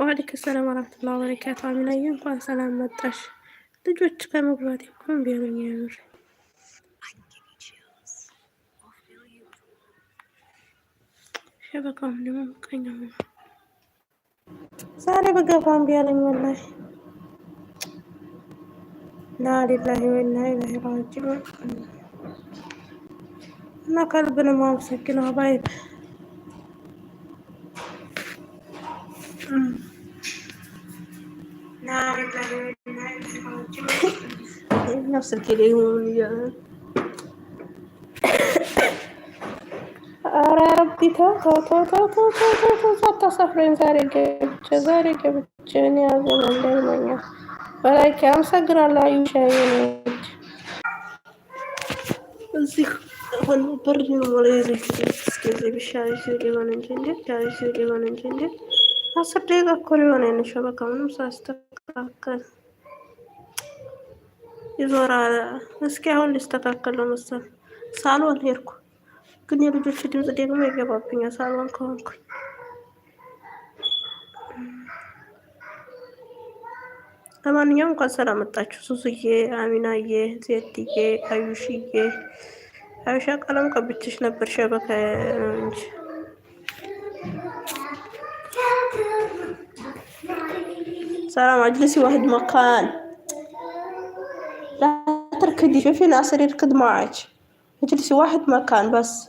ዋአለይኩም ሰላም ወራህመቱላሂ ወበረካቱ። አሚናዬ እንኳን ሰላም መጣሽ። ልጆች ከመግባት ይኩን ቢሆን ያምር ሸበካም ደግሞ ምቀኛ ሆነ። ዛሬ በገባም ቢያለኝ ወላሂ ናሊላሂ ወና ኢለይሂ ራጂዑን እና ከልብ ነው የማመሰግነው አባይ ያው ስልኬ ላይ ሆኑ ኧረ ረብቲ ተው ተው ተው ተው ተው ተው ተው ተው አታሳፍረኝ። ዛሬ ገብቼ ዛሬ ገብቼ እኔ ያዘን እንዳይመኛል በላይክ አመሰግናለሁ። አዩሻ ነች እዚህ ሆነ ብር ሆነ ሪክስ ጊዜ ብሻ ሪክስ ሊሆን እንጂ እንዴ ሪክስ ሊሆን እንጂ እንዴ አስር ደቂቃ እኮ ሊሆን አይነት ሸበካ ምንም ሳስተካከል ይዞራል። እስኪ አሁን ሊስተካከል ነው መሰል። ሳሎን ሄድኩ፣ ግን የልጆች ድምፅ ደግሞ ይገባብኛል ሳሎን ከሆንኩ ለማንኛውም እንኳን ሰላም መጣችሁ። ሱሱዬ፣ አሚናዬ፣ ዜድዬ፣ አዩሽዬ። አዩሻ ቀለም ቀብቼሽ ነበር ሸበካ እንጂ سلام اجلسي واحد مكان لا تركدي شوفي ناصر يركض معك اجلسي واحد مكان بس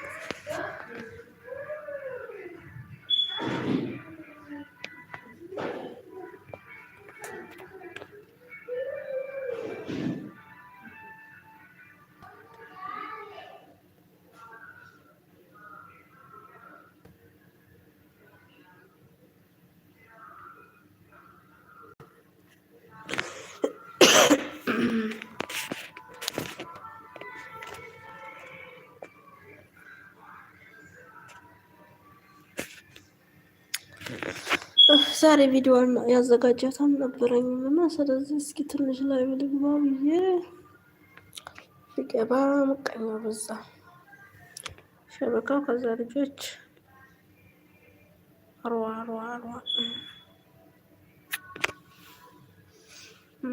ዛሬ ቪዲዮን ያዘጋጃት አልነበረኝም እና ስለዚህ እስኪ ትንሽ ላይ ብልግባ ብዬ ሲገባ ምቀኛ በዛ ሸበካው። ከዛ ልጆች አርዋ አርዋ አርዋ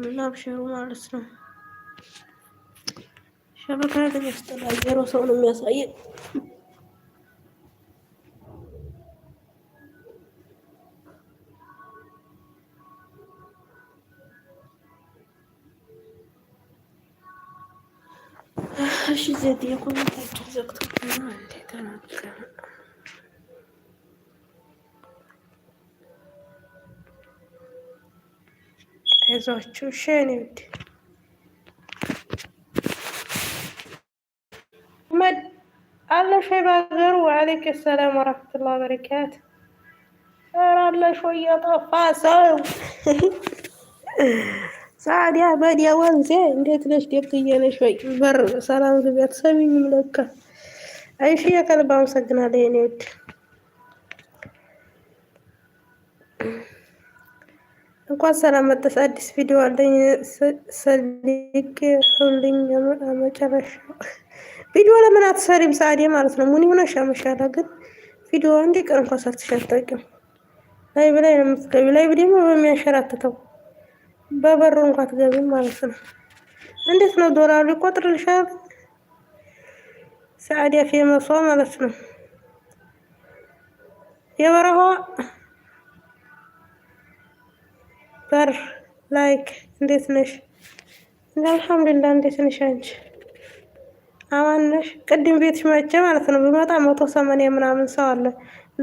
ምን አብሽሩ ማለት ነው። ሸበካ ግን ያስጠላ ዜሮ ሰውን የሚያሳየን زاد يقول لك تزوجت انا انت تنك ازوجتو شاني ودي محمد الله شي باغر وعليك السلام ورحمه الله وبركاته ارى الله شويه طفاسه ሳዲያ በዲያ ወንዜ እንዴት ነሽ? ደብትዬ ነሽ ወይ? በር ሰላም ግቢያት ሰሚኝ ምለካ አይሽ የከልብ አመሰግናለሁ የኔ ውድ። እንኳን ሰላም መጠስ አዲስ ቪዲዮ አለኝ ሰሊቅ ሁልኝ መጨረሻ ቪዲዮ ለምን አትሰሪም? ሳዲያ ማለት ነው። ሙኒ ሆነ አመሻላ? ግን ቪዲዮ አንዴ ቀን እንኳን ሳትሸርጠቂም ላይ ብላይ ነው የምትገቢ ላይ ደግሞ በሚያንሸራትተው በበሩ እንኳ አትገቢም ማለት ነው። እንዴት ነው ዶላሩ ይቆጥርልሻል? ሰዓድ ፌመሷ ማለት ነው። የበረሃ በር ላይክ እንዴት ነሽ? አልሐምዱሊላ እንዴት ነሽ አንቺ? አማን ነሽ? ቅድም ቤትሽ መቼ ማለት ነው ብመጣ መቶ ሰማንያ ምናምን ሰው አለ።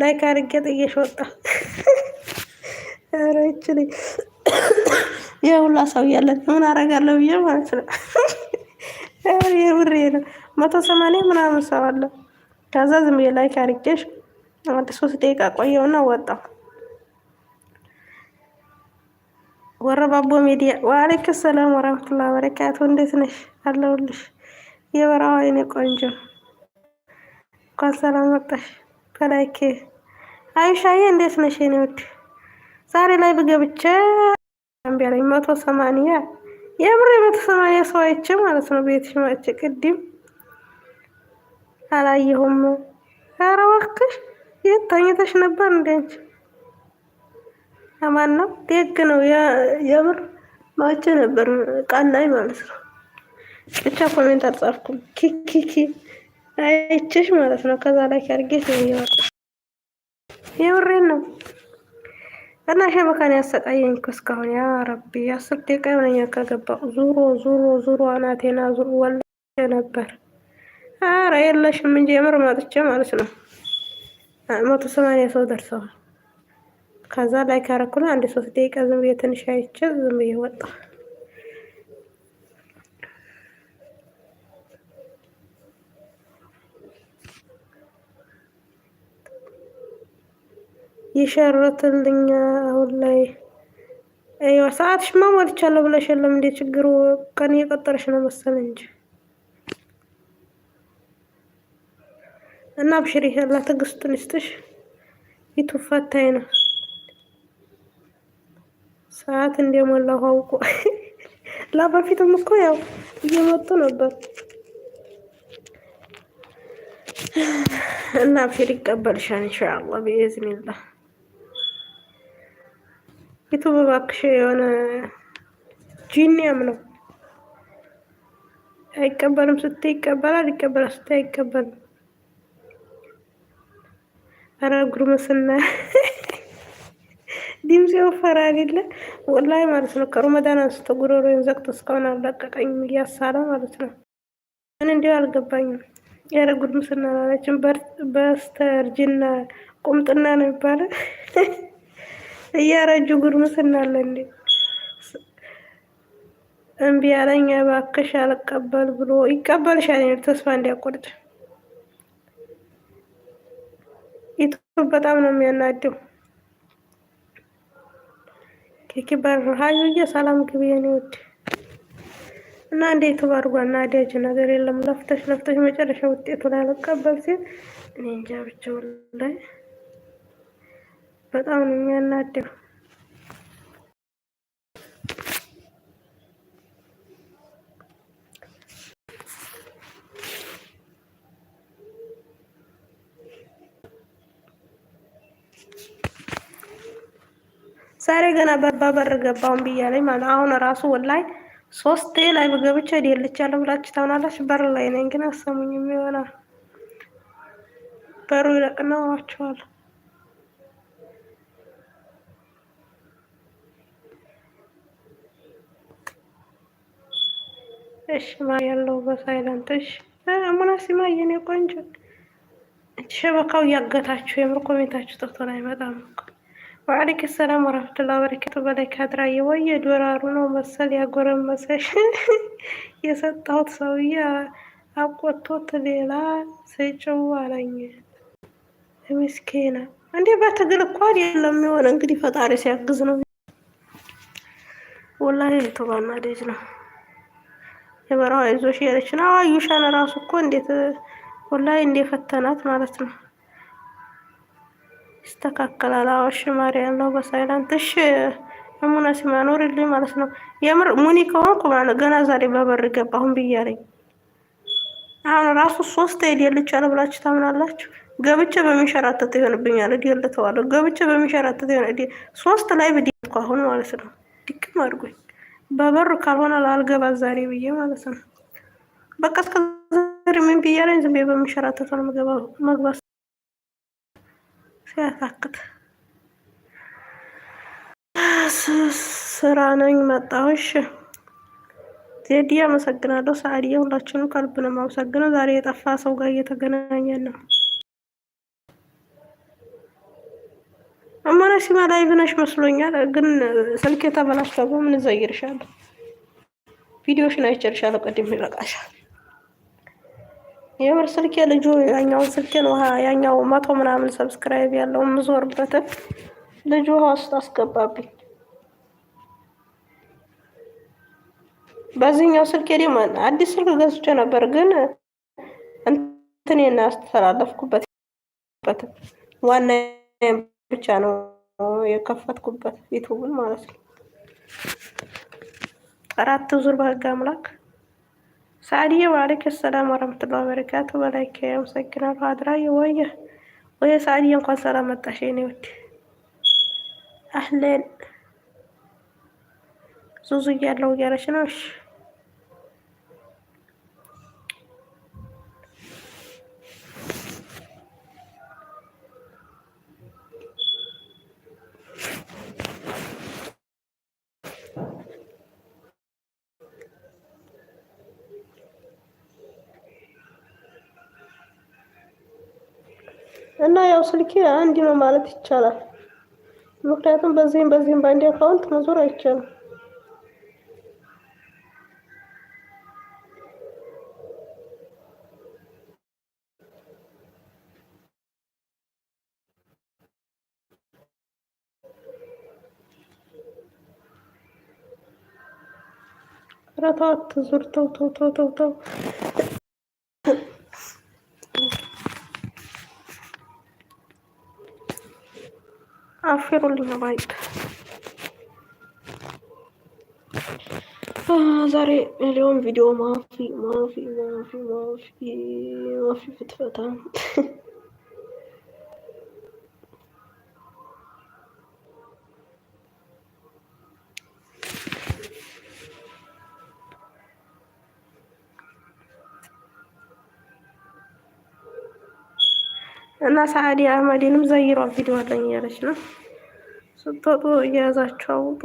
ላይክ አድርጌ ጥዬሽ ወጣ። ኧረ ይችልኝ አሳውያለን ምን አረጋለሁ ብዬ ማለት ነው። የብሬ ነው መቶ ሰማንያ ምናምን ሰው አለ። ከዛ ዝም ብዬ ላይክ አድርጌሽ አንድ ሶስት ደቂቃ ቆየውና ወጣው። ወረባቦ ሚዲያ ዋአለይክ ሰላም ወረመቱላ በረካቱ። እንዴት ነሽ? አለሁልሽ የበረሃ የኔ ቆንጆ እንኳን ሰላም መጣሽ። ከላይክ አዩሻዬ እንዴት ነሽ? ኔ ውድ ዛሬ ላይ ብገብቼ እምቢ አለኝ። መቶ ሰማንያ የምሬ የመቶ ሰማንያ ሰው አይቼ ማለት ነው። ቤት ሽማቼ ቅድም አላየሁም። ኧረ እባክሽ የት ተኝተሽ ነበር? እንዲያንቺ አማን ነው ደግ ነው። የምር ማጭ ነበር ቃናይ ማለት ነው። ብቻ ኮሜንት አልጻፍኩም። ኪኪኪ አይቼሽ ማለት ነው። ከዛ ላይ ከርጌት ነው የምሬን ነው። እና ሸበካን ያሰቃየኝ እኮ እስካሁን ያ ረቢ አስር ደቂቃ ይሆነኛል ከገባሁ። ዙሮ ዙሮ ዙሮ አናቴና ዙሮ ወላሂ ነበር። ኧረ የለሽም እንጂ የምር መጥቼ ማለት ነው መቶ ሰማንያ ሰው ደርሰዋል። ከዛ ላይ ካረኩና አንድ ሶስት ደቂቃ ዝም ብዬ ትንሽ አይቼ ዝም ብዬ ወጣሁ። ይሸርትልኛ አሁን ላይ ሰዓት ሰዓትሽማ ሞልቻለሁ ብለሽ የለም እንዴ? ችግሩ ቀን እየቀጠረሽ ነው መሰለኝ እንጂ እና አብሽሪ፣ ያላ ትዕግስቱን ንስጥሽ። ፊቱ ፈታኝ ነው። ሰዓት እንደሞላሁ አውቆ ላ በፊትም እኮ ያው እየመጡ ነበር እና አብሽሪ፣ ይቀበልሻል ኢንሻአላህ ቢኢዝኒላህ ዩቱብ እባክሽ የሆነ ጂኒያም ነው አይቀበልም። ስትይ ይቀበላል፣ ይቀበላል፣ ስትይ አይቀበልም። አረ ጉርምስና ድምፅ ወፈራ አይደለ? ወላሂ ማለት ነው። ከረመዳን አንስቶ ጉሮሮን ዘግቶ እስካሁን አለቀቀኝም፣ እያሳለ ማለት ነው። ምን እንዲሁ አልገባኝም። ያረ ጉርምስና ላለችን በስተእርጅና ቁምጥና ነው ይባላል። እያረጁ ጉርምስና አለ እንዴ! እምቢ ያለኝ እባክሽ አልቀበል ብሎ ይቀበልሻል ተስፋ እንዲያቆርጥ ኢትዮ በጣም ነው የሚያናደው። ኪበር ሀዩዬ ሰላም ግቢ የኔ ውድ እና እንደ ዩቱብ አድርጓ እና አዲያጅ ነገር የለም። ለፍተሽ ለፍተሽ መጨረሻ ውጤቱ ላይ አልቀበል ሲል እኔ እንጃ ብቻውን ላይ በጣም ነው የሚያናደው። ዛሬ ገና በር ገባውን ብያለኝ ማለት አሁን ራሱ ወላይ ሶስት ላይ በገብቼ ሄድልች ብላችሁ ታምናላችሁ። በር ላይ ነኝ ግን አሰሙኝም ይሆናል። በሩ ይለቅነዋቸዋል። እሺ ማ ያለው በሳይለንት እሺ ሙናሲማ የኔ ቆንጆ ሸበካው እያገታችሁ የምር ኮሜንታችሁ ጥፍቶን አይመጣም እኮ ወአለይኩም ሰላም ወራህመቱላሂ ወበረካቱ በላይ ካድራዬ ወይ ዶራሩ ነው መሰል ያጎረመሰሽ የሰጣሁት ሰውዬ አቆቶት ሌላ ስጭው አለኝ ምስኪና እንዴ በትግል እኮ የለም የሆነ እንግዲህ ፈጣሪ ሲያግዝ ነው ወላሂ ቶባና ደጅ ነው የበረሃ ይዞሽ ሄደች ና አዩሻ ራሱ እኮ እንዴት ወላሂ እንደፈተናት ማለት ነው። ይስተካከላል። አዋሽ ማሪ ያለው በሳይላንት እሺ ሙና ሲማኖር ልኝ ማለት ነው። የምር ሙኒ ከሆንኩ ማለት ገና ዛሬ በበር ገባሁን ብያለኝ። አሁን ራሱ ሶስት ሄድ የልቻለሁ ብላችሁ ታምናላችሁ? ገብቼ በሚሸራተት ይሆንብኛል። እድ ለተዋለሁ ገብቼ በሚሸራተት ይሆን ሶስት ላይ ብድ አሁን ማለት ነው ድቅም አድርጎኝ በበር ካልሆነ ላልገባ ዛሬ ብዬ ማለት ነው። በቃ እስከ ዛሬ ምን ብያለኝ? ዝም ብዬ በምሸራተት ነው መግባት ሲያሳክት ስራ ነኝ መጣሁሽ። ዜዲ አመሰግናለሁ። ሰአድዬ፣ ሁላችንም ከልብ ነው የማመሰግነው። ዛሬ የጠፋ ሰው ጋር እየተገናኘን ነው። አማራ ሲማ ላይ ብነሽ መስሎኛል፣ ግን ስልኬ ተበላሽቶ ምን ዘይርሻለሁ። ቪዲዮሽን አይቼልሻለሁ፣ ቅድም ይለቃሻል። የምር ስልኬ ልጁ ያኛውን ስልኬን ውሃ ያኛው መቶ ምናምን ሰብስክራይብ ያለው የምዞርበትን ልጁ ውሃ ውስጥ አስገባብኝ። በዚህኛው ስልኬ ደግሞ አዲስ ስልክ ገዝቼ ነበር፣ ግን እንትን አስተላለፍኩበት ዋና ብቻ ነው የከፈትኩበት ዩቱቡን ማለት ነው። አራት ዙር በህግ አምላክ ሳዕድዬ ዋሌክ ሰላም ወረመቱላ በረካቱ በላይከ ያመሰግናሉ። አድራ ወየ ወየ ሳዕድዬ እንኳን ሰላም መጣሽ የኔ ውድ አህለን ዙዙ እያለው እያለች ነው። እሺ እና ያው ስልኬ አንድ ነው ማለት ይቻላል። ምክንያቱም በዚህም በዚህም በአንድ አካውንት መዞር አይቻልም። ረታት ዙር ተው ተው ተው ተው عفروا لي مرايض آه، زاري اليوم فيديو ما في ما في ما في ما في ما في فتفتة እና ሰአዲ አህመድንም ዘይሯ ቪዲዮ አለኝ እያለች ነው። ስትወጡ እየያዛችሁ አውጡ።